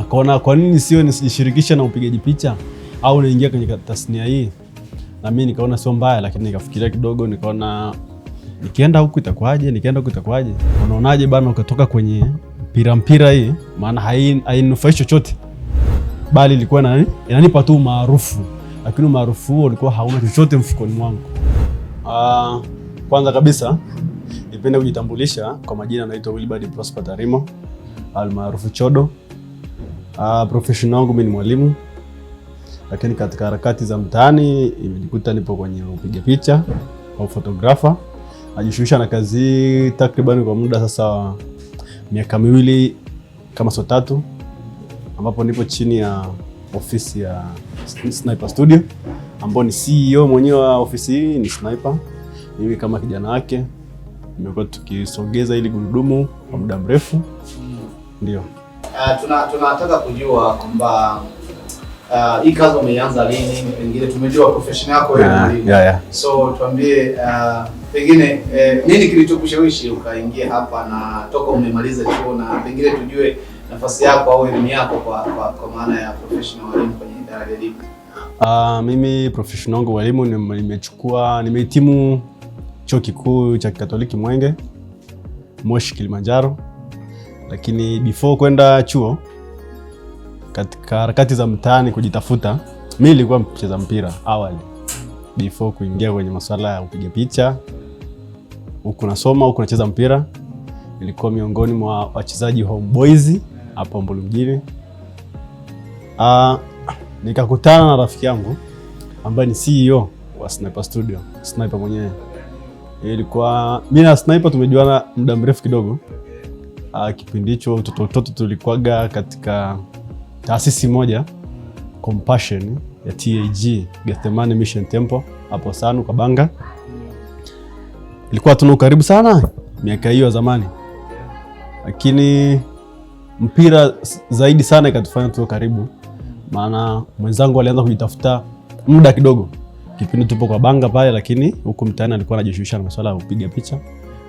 akaona kwa nini sio nisijishirikishe na upigaji picha au naingia kwenye tasnia hii, na mimi nikaona sio mbaya, lakini nikafikiria kidogo, nikaona nikienda huku itakuwaje? Nikienda huku itakuwaje? Unaonaje bana, ukatoka kwenye mpira mpira hii, maana hainufaishi chochote, bali ilikuwa inanipa tu maarufu, lakini maarufu huo ulikuwa hauna chochote mfukoni mwangu. Uh, kwanza kabisa nipende kujitambulisha kwa majina, naitwa Wilbard Prosper Tarimo almaarufu Chodo. Uh, profession yangu mimi ni mwalimu, lakini katika harakati za mtaani imejikuta nipo kwenye upiga picha au photographer. Najishughulisha na kazi takriban kwa muda sasa miaka miwili kama sio tatu, ambapo nipo chini ya ofisi ya Sniper Studio ambao ni CEO mwenyewe wa ofisi hii ni Sniper. Mimi kama kijana wake nimekuwa tukisogeza ili gurudumu kwa muda mrefu, ndio. Eh, tuna, tunataka kujua kwamba eh, hii uh, kazi umeianza lini? Pengine tumejua profession yako yeah, yeah, yeah. So tuambie uh, pengine eh, nini kilichokushawishi ukaingia hapa na toka umemaliza chuo, na pengine tujue nafasi yako au elimu yako kwa, kwa, kwa maana ya professional walimu kwenye idara ya elimu. Uh, mimi professional wangu wa elimu nimechukua, nimehitimu chuo kikuu cha Kikatoliki Mwenge Moshi Kilimanjaro lakini before kwenda chuo, katika harakati za mtaani kujitafuta, mi nilikuwa mcheza mpira awali, before kuingia kwenye masuala ya kupiga picha. Huku nasoma huku nacheza mpira, nilikuwa miongoni mwa wachezaji homeboys hapo Mbulu mjini. Uh, nikakutana na rafiki yangu ambaye ni CEO wa Sniper Studio, Sniper mwenyewe. Ilikuwa mimi na Sniper tumejuana muda mrefu kidogo Uh, kipindi hicho utoto utoto katika taasisi moja Compassion ya TAG Gethsemane Mission Temple hapo Sanu Banga, Ilikuwa tuna ukaribu sana miaka hiyo zamani, lakini mpira zaidi sana ikatufanya tuwe karibu, maana mwenzangu alianza kujitafuta muda kidogo kipindi tupo kwa Banga pale, lakini huku mtaani alikuwa anajishughulisha na masuala ya kupiga picha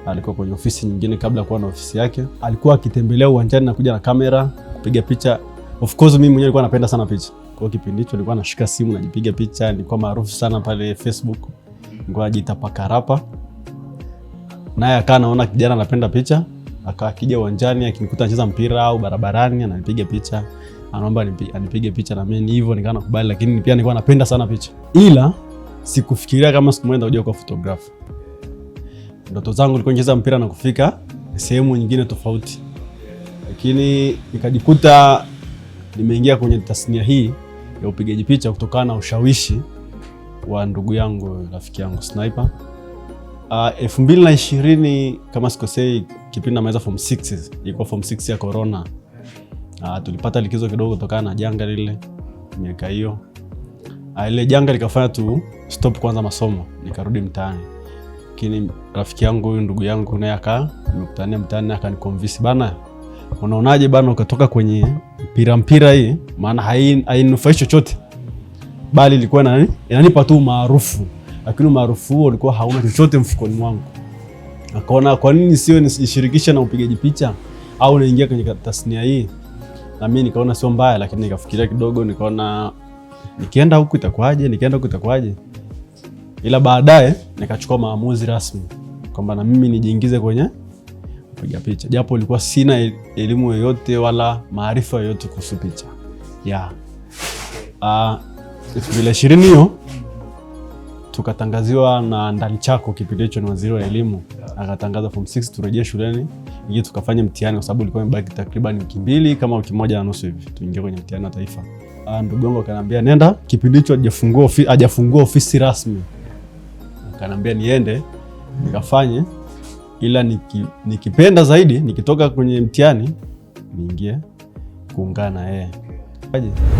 alikuwa kwenye ofisi nyingine kabla ya kuwa na ofisi yake. Alikuwa akitembelea uwanjani na kuja na kamera kupiga picha. Of course mimi mwenyewe nilikuwa napenda sana picha, kwa kipindi hicho nilikuwa nashika simu najipiga picha, nilikuwa maarufu sana pale Facebook, nilikuwa najitapakarapa. Naye akawa anaona kijana anapenda picha, akawa akija uwanjani akinikuta anacheza mpira au barabarani ananipiga picha, anaomba anipige picha na mimi hivyo, nikawa nakubali, lakini pia nilikuwa napenda sana picha, ila sikufikiria kama siku moja nitakuja kuwa photographer ndoto zangu ilikuwa nicheza mpira na kufika sehemu nyingine tofauti, lakini nikajikuta nimeingia kwenye tasnia hii ya upigaji picha kutokana na ushawishi wa ndugu yangu, rafiki yangu Sniper. Uh, elfu mbili na ishirini kama sikosei, kipindi namaliza form 6 ilikuwa form 6 ya corona. Uh, tulipata likizo kidogo kutokana na janga lile miaka hiyo. Uh, ile janga likafanya tu stop kwanza masomo, nikarudi mtaani lakini rafiki yangu huyu ndugu yangu naye aka mkutania mtaani akanikonvince bana, unaonaje bana ukatoka kwenye mpira mpira hii, maana hainufaii chochote, bali ilikuwa nani inanipa tu maarufu, lakini maarufu huo ulikuwa hauna chochote mfukoni mwangu. Akaona kwa nini sio nishirikishe na upigaji picha au naingia kwenye tasnia hii, na mimi nikaona sio mbaya, lakini nikafikiria kidogo, nikaona nikienda huku itakuwaje, nikienda huku itakuwaje ila baadaye nikachukua maamuzi rasmi kwamba na mimi nijiingize kwenye kupiga picha, japo ilikuwa sina e-, elimu yoyote wala maarifa yoyote kuhusu picha ya yeah. elfu mbili na ishirini hiyo tukatangaziwa na ndani Chako, kipindi hicho ni waziri wa elimu, akatangaza form 6 turejee shuleni ili tukafanye mtihani, kwa sababu ilikuwa imebaki takriban wiki mbili kama wiki moja na nusu hivi tuingie kwenye mtihani wa taifa. Ndugu yangu akaniambia nenda, kipindi hicho hajafungua ofisi rasmi akanambia niende nikafanye, ila niki, nikipenda zaidi nikitoka kwenye mtihani niingie kuungana na yeye.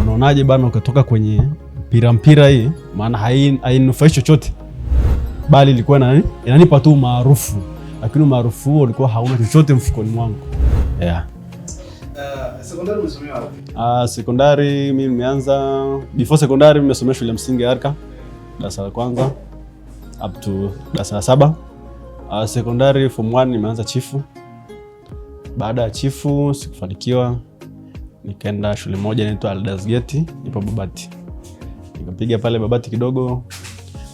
Unaonaje bana, ukatoka kwenye mpira mpira hii, maana hainufaisha chochote, bali ilikuwa nani inanipa tu maarufu, lakini maarufu huo ulikuwa hauna chochote mfukoni mwangu yeah. Uh, sekondari uh, mimi nimeanza before sekondari, nimesomea shule ya msingi Arka darasa la kwanza up to darasa la saba. Uh, sekondari form 1 nimeanza chifu. Baada ya chifu sikufanikiwa, nikaenda shule moja inaitwa Aldas Gate, nipo Babati, nikapiga pale Babati kidogo,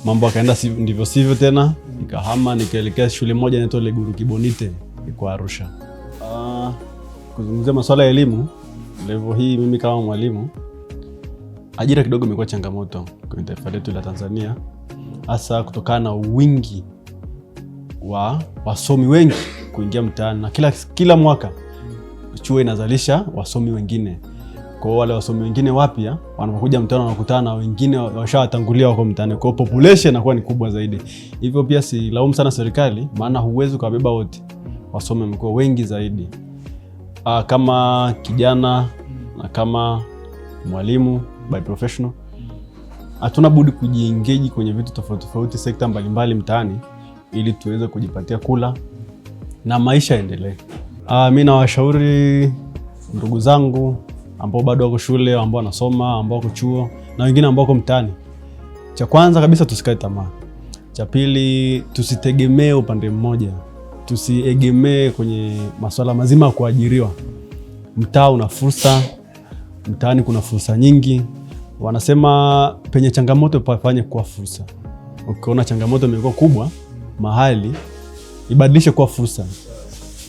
mambo akaenda ndivyo sivyo tena, nikahama nikaelekea shule moja inaitwa Leguru Kibonite iko Arusha. Uh, kuzungumzia masuala ya elimu level hii, mimi kama mwalimu, ajira kidogo imekuwa changamoto kwenye taifa letu la Tanzania hasa kutokana na wingi wa wasomi wengi kuingia mtaani na kila, kila mwaka chuo inazalisha wasomi wengine. Kwa wale wasomi wengine wapya wanapokuja mtaani wanakutana na wengine washawatangulia wako mtaani, kwa population inakuwa ni kubwa zaidi. Hivyo pia silaumu sana serikali, maana huwezi kuwabeba wote. Wasomi wamekuwa wengi zaidi. Aa, ah, kama kijana na kama mwalimu by professional hatuna budi kujiengeji kwenye vitu tofauti tofauti, sekta mbalimbali mtaani, ili tuweze kujipatia kula na maisha yaendelee. Ah, Mi nawashauri ndugu zangu ambao bado wako shule, ambao wanasoma, ambao wako chuo na wengine ambao wako mtaani, cha kwanza kabisa tusikae tamaa. Cha pili tusitegemee upande mmoja, tusiegemee kwenye masuala mazima ya kuajiriwa. Mtaa una fursa, mtaani kuna fursa nyingi wanasema penye changamoto pafanye kuwa fursa. Ukiona changamoto imekuwa kubwa mahali, ibadilishe kuwa fursa.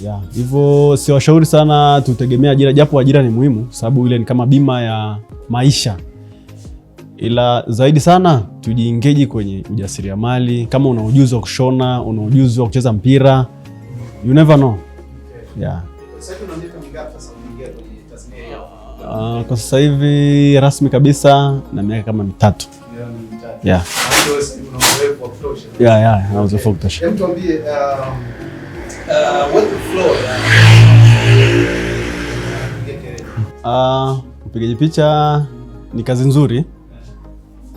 Yeah, hivyo siwashauri sana tutegemea ajira, japo ajira ni muhimu, sababu ile ni kama bima ya maisha, ila zaidi sana tujiingeji kwenye ujasiriamali. Kama una ujuzi wa kushona, una ujuzi wa kucheza mpira, you never know. Yeah. Uh, kwa sasa hivi rasmi kabisa na miaka kama mitatu ya na uzoefu wa kutosha. Um, uh, ah, upigaji picha ni kazi nzuri,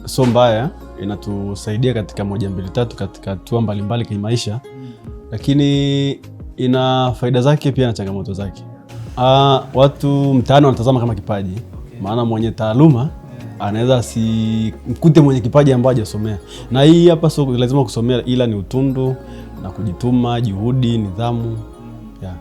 so mbaya, inatusaidia katika moja mbili tatu, katika hatua mbalimbali kimaisha, lakini ina faida zake pia na changamoto zake. Uh, watu mtaani wanatazama kama kipaji okay. Maana mwenye taaluma yeah. Anaweza asimkute mwenye kipaji ambaye hajasomea, na hii hapa so lazima kusomea, ila ni utundu na kujituma, juhudi, nidhamu mm. yeah.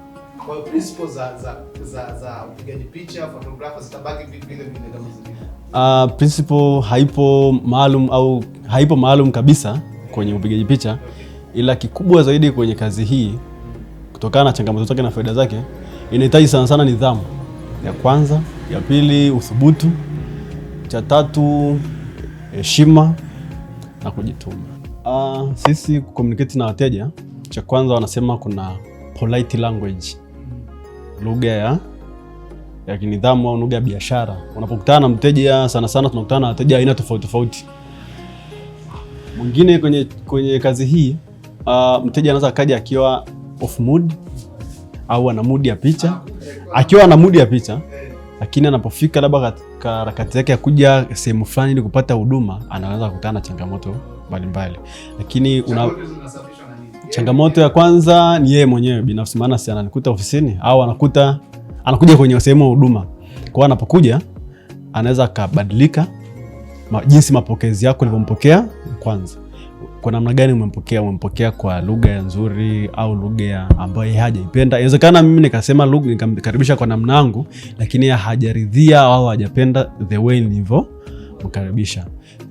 Kwa principles za za za za upigaji picha photographer zitabaki vile vile kama zilivyo. Uh, principle haipo maalum au haipo maalum kabisa kwenye upigaji picha okay. Ila kikubwa zaidi kwenye kazi hii mm. kutokana na changamoto zake na faida zake inahitaji sana sana nidhamu ya kwanza, ya pili uthubutu, cha tatu heshima na kujituma. Uh, sisi kucommunicate na wateja, cha kwanza wanasema kuna polite language, lugha ya ya kinidhamu au lugha ya biashara. Unapokutana na mteja, sana sana tunakutana na wateja aina tofauti tofauti. Mwingine kwenye, kwenye kazi hii uh, mteja anaweza akaja akiwa off mood, au ana mudi ya picha. Akiwa ana mudi ya picha, lakini anapofika labda katika harakati yake ya kuja sehemu fulani ili kupata huduma, anaweza kukutana na changamoto mbalimbali, lakini una changamoto ya kwanza ni yeye mwenyewe binafsi, maana si ananikuta ofisini au anakuta anakuja kwenye sehemu ya huduma. Kwa hiyo anapokuja anaweza akabadilika jinsi mapokezi yako ulivyompokea kwanza kwa namna gani umempokea? Umempokea kwa lugha ya nzuri au lugha ambayo yeye hajaipenda? Inawezekana mimi nikasema lugha nikamkaribisha kwa namna yangu, lakini yeye hajaridhia au hajapenda the way nilivyo mkaribisha.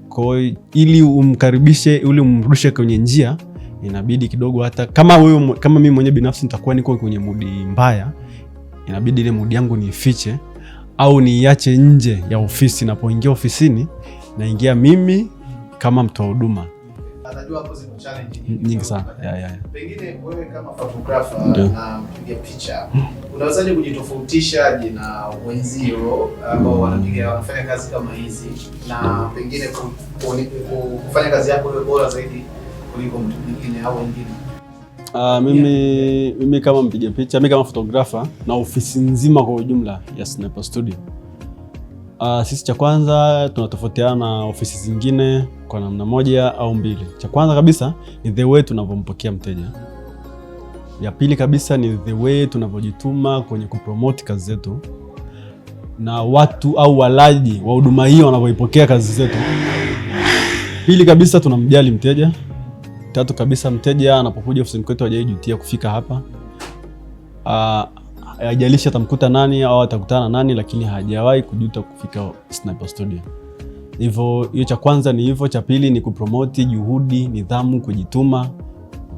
Kwa hiyo ili umkaribishe, ili umrudishe kwenye njia, inabidi kidogo, hata kama wewe kama mimi mwenyewe binafsi nitakuwa niko kwenye mudi mbaya, inabidi ile mudi yangu niifiche au niiache nje ya ofisi. Napoingia ofisini, naingia mimi kama mtoa huduma anajua hapo zina challenge nyingi sana. Yeah, yeah. Pengine wewe kama photographer yeah, na mpiga picha unawezaje kujitofautisha je na wenzio ambao wanapiga wanafanya kazi kama hizi na pengine kufanya kazi yako iwe bora zaidi kuliko mtu mwingine au wengine? Uh, mimi, yeah, mimi kama mpiga picha, mimi kama photographer na ofisi nzima kwa ujumla ya Sniper Studio Uh, sisi cha kwanza tunatofautiana na ofisi zingine kwa namna moja au mbili. Cha kwanza kabisa ni the way tunavyompokea mteja. Ya pili kabisa ni the way tunavyojituma kwenye kupromote kazi zetu na watu au walaji wa huduma hiyo wanavyoipokea kazi zetu. Pili kabisa tunamjali mteja. Tatu kabisa mteja anapokuja ofisini kwetu hajaijutia kufika hapa. Uh, Eh, haijalishi atamkuta nani au atakutana nani, lakini hajawahi kujuta kufika Sniper Studio. Hivyo hiyo cha kwanza ni hivyo. Cha pili ni kupromoti juhudi, nidhamu, kujituma,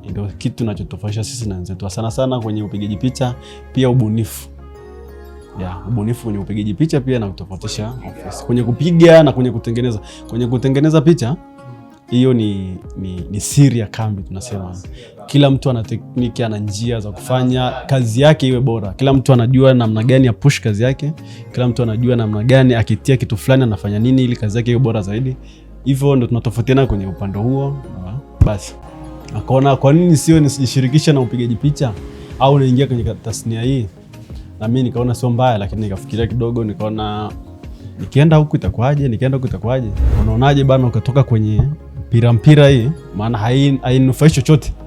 ndio kitu nachotofautisha sisi na wenzetu sana sana kwenye upigaji picha, pia ubunifu ya ubunifu kwenye upigaji picha pia na kwenye kupiga na kwenye kutengeneza. Kwenye kutengeneza picha hiyo ni, ni, ni siri ya kambi. Tunasema kila mtu ana tekniki, ana njia za kufanya kazi yake iwe bora. Kila mtu anajua namna gani ya push kazi yake, kila mtu anajua namna gani akitia kitu fulani anafanya nini ili kazi yake iwe bora zaidi. Hivyo ndo tunatofautiana kwenye upande huo. Basi akaona kwa nini sio nisijishirikishe na upigaji picha au naingia kwenye tasnia hii, na mimi nikaona sio mbaya, lakini nikafikiria kidogo, nikaona nikienda huku itakuwaje? Nikienda huku itakuwaje? Unaonaje bana, ukatoka kwenye mpira mpira hii, maana hainufaishi chochote.